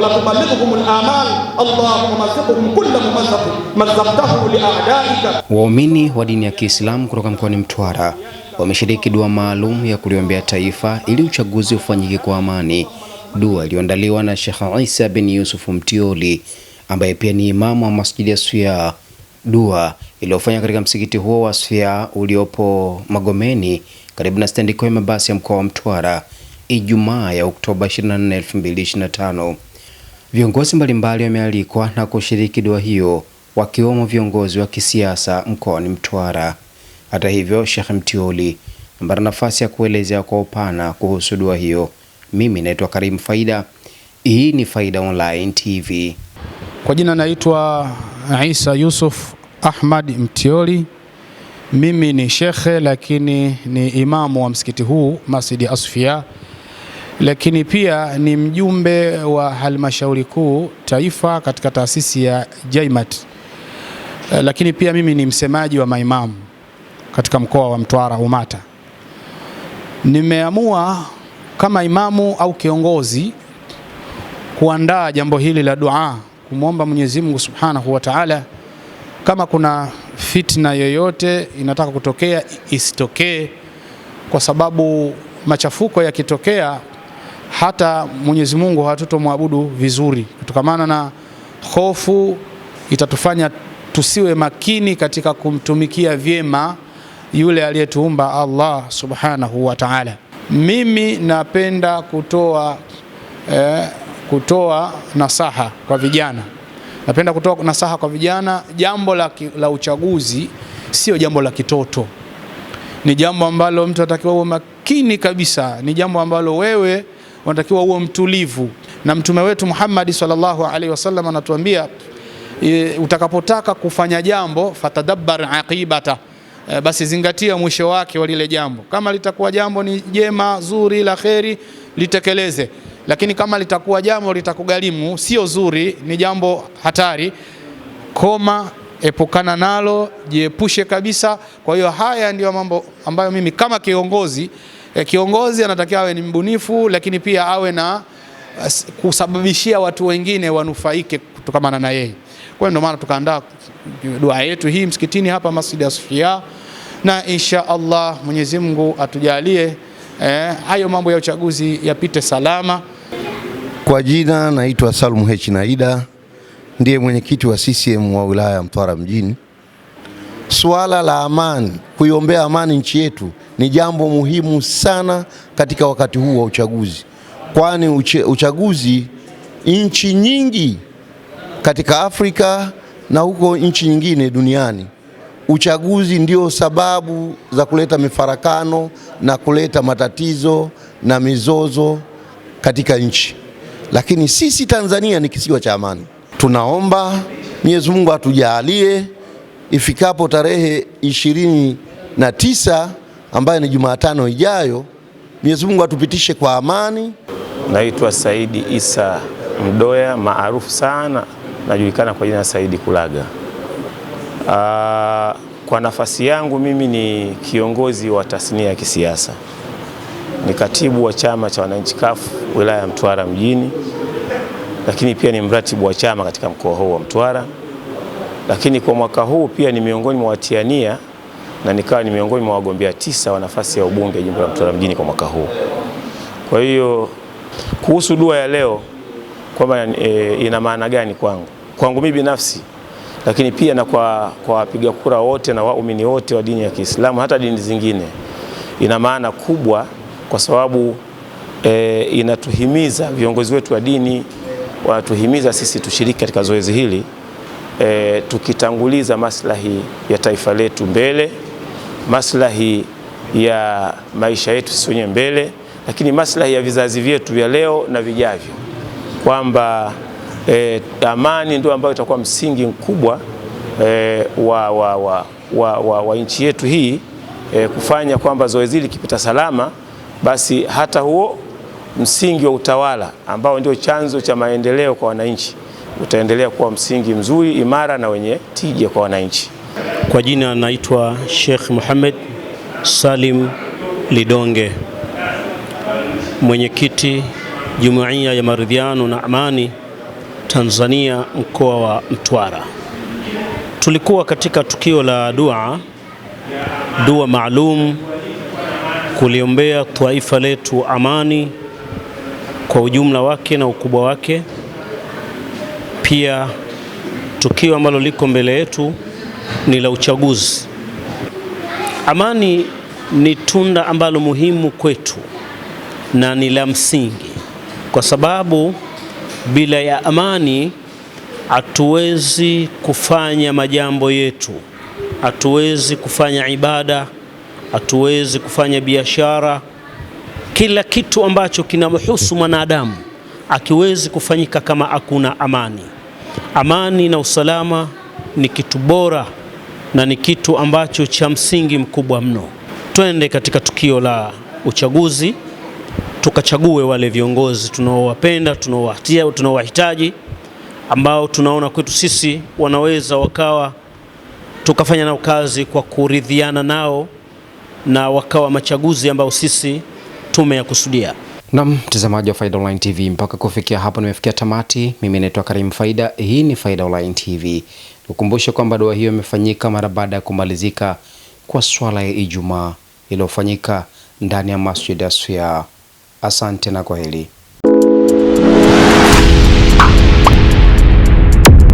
ولا تبلغهم الآمال اللهم مزقهم كل ممزق مزقته لأعدائك. Waumini wa dini ya Kiislamu kutoka mkoani Mtwara wameshiriki dua maalum ya kuliombea taifa ili uchaguzi ufanyike kwa amani, dua iliyoandaliwa na Sheikh Isa bin Yusuf Mtioli ambaye pia ni imamu wa masjidi ya Swia, dua iliyofanywa katika msikiti huo wa Swia uliopo Magomeni karibu na stendi kuu ya mabasi ya mkoa wa Mtwara Ijumaa ya Oktoba 24, 2025. Viongozi mbalimbali wamealikwa na kushiriki dua hiyo wakiwemo viongozi wa kisiasa mkoani Mtwara. Hata hivyo, Sheikh Mtioli ambaye nafasi ya kuelezea kwa upana kuhusu dua hiyo. Mimi naitwa Karim Faida, hii ni Faida Online TV. Kwa jina naitwa Isa Yusuf Ahmad Mtioli. Mimi ni shekhe lakini ni imamu wa msikiti huu Masjidi Asfia lakini pia ni mjumbe wa halmashauri kuu taifa katika taasisi ya JaiMat, eh, lakini pia mimi ni msemaji wa maimamu katika mkoa wa Mtwara Umata. Nimeamua kama imamu au kiongozi kuandaa jambo hili la dua, kumwomba Mwenyezi Mungu Subhanahu wa Ta'ala, kama kuna fitna yoyote inataka kutokea isitokee, kwa sababu machafuko yakitokea hata Mwenyezi Mungu hatutomwabudu vizuri, kutokamana na hofu itatufanya tusiwe makini katika kumtumikia vyema yule aliyetuumba Allah subhanahu wa ta'ala. Mimi napenda kutoa eh, kutoa nasaha kwa vijana, napenda kutoa nasaha kwa vijana. Jambo la, la uchaguzi sio jambo la kitoto, ni jambo ambalo mtu atakiwa uwe makini kabisa, ni jambo ambalo wewe unatakiwa uwe mtulivu, na mtume wetu Muhammad sallallahu alaihi wasallam anatuambia e, utakapotaka kufanya jambo fatadabbar aqibata e, basi zingatia mwisho wake wa lile jambo. Kama litakuwa jambo ni jema zuri la kheri, litekeleze, lakini kama litakuwa jambo litakugalimu sio zuri, ni jambo hatari, koma epukana nalo, jiepushe kabisa. Kwa hiyo haya ndiyo mambo ambayo mimi kama kiongozi e, kiongozi anatakiwa awe ni mbunifu, lakini pia awe na eh, kusababishia watu wengine wanufaike kutokamana na yeye. Kwa hiyo ndio maana tukaandaa dua yetu hii msikitini hapa Masjid Asfia, na insha Allah Mwenyezi Mungu atujalie eh, hayo mambo ya uchaguzi yapite salama. Kwa jina naitwa Salum H Naida ndiye mwenyekiti wa CCM wa wilaya ya Mtwara mjini. Suala la amani, kuiombea amani nchi yetu ni jambo muhimu sana katika wakati huu wa uchaguzi, kwani uchaguzi nchi nyingi katika Afrika na huko nchi nyingine duniani, uchaguzi ndio sababu za kuleta mifarakano na kuleta matatizo na mizozo katika nchi, lakini sisi Tanzania ni kisiwa cha amani. Tunaomba Mwenyezi Mungu atujalie ifikapo tarehe ishirini na tisa ambayo ni Jumatano ijayo, Mwenyezi Mungu atupitishe kwa amani. Naitwa Saidi Isa Mdoya, maarufu sana najulikana kwa jina Saidi Kulaga. Aa, ah, kwa nafasi yangu mimi ni kiongozi wa tasnia ya kisiasa, ni katibu wa chama cha wananchi CUF wilaya ya Mtwara mjini lakini pia ni mratibu wa chama katika mkoa huu wa Mtwara. Lakini kwa mwaka huu pia ni miongoni mwa watiania na nikawa ni miongoni mwa wagombea tisa wa nafasi ya ubunge jimbo la Mtwara mjini kwa mwaka huu. Kwa hiyo kuhusu dua ya leo kwamba e, ina maana gani kwangu kwangu mimi binafsi, lakini pia na kwa wapiga kura wote na waumini wote wa dini ya Kiislamu hata dini zingine, ina maana kubwa kwa sababu e, inatuhimiza viongozi wetu wa dini wanatuhimiza sisi tushiriki katika zoezi hili e, tukitanguliza maslahi ya taifa letu mbele, maslahi ya maisha yetu sisi wenyewe mbele, lakini maslahi ya vizazi vyetu vya leo na vijavyo, kwamba e, amani ndio ambayo itakuwa msingi mkubwa e, wa, wa, wa, wa, wa, wa nchi yetu hii e, kufanya kwamba zoezi hili kipita salama, basi hata huo msingi wa utawala ambao ndio chanzo cha maendeleo kwa wananchi utaendelea kuwa msingi mzuri, imara na wenye tija kwa wananchi. Kwa jina naitwa Sheikh Muhammad Salim Lidonge, mwenyekiti Jumuiya ya Maridhiano na Amani Tanzania mkoa wa Mtwara. Tulikuwa katika tukio la dua dua maalum kuliombea taifa letu amani kwa ujumla wake na ukubwa wake. Pia tukio ambalo liko mbele yetu ni la uchaguzi. Amani ni tunda ambalo muhimu kwetu na ni la msingi, kwa sababu bila ya amani hatuwezi kufanya majambo yetu, hatuwezi kufanya ibada, hatuwezi kufanya biashara kila kitu ambacho kinamhusu mwanadamu akiwezi kufanyika kama hakuna amani. Amani na usalama ni kitu bora na ni kitu ambacho cha msingi mkubwa mno. Twende katika tukio la uchaguzi tukachague wale viongozi tunaowapenda, tunaowatia, tunaowahitaji ambao tunaona kwetu sisi wanaweza wakawa tukafanya nao kazi kwa kuridhiana nao na wakawa machaguzi ambao sisi tumeyakhusudia. Na mtazamaji wa Faida Online TV, mpaka kufikia hapo nimefikia tamati. Mimi naitwa Karim Faida, hii ni Faida Online TV. Nikukumbushe kwamba dua hiyo imefanyika mara baada ya kumalizika kwa swala ya Ijumaa iliyofanyika ndani ya Masjid Aswia. Asante na kwaheri.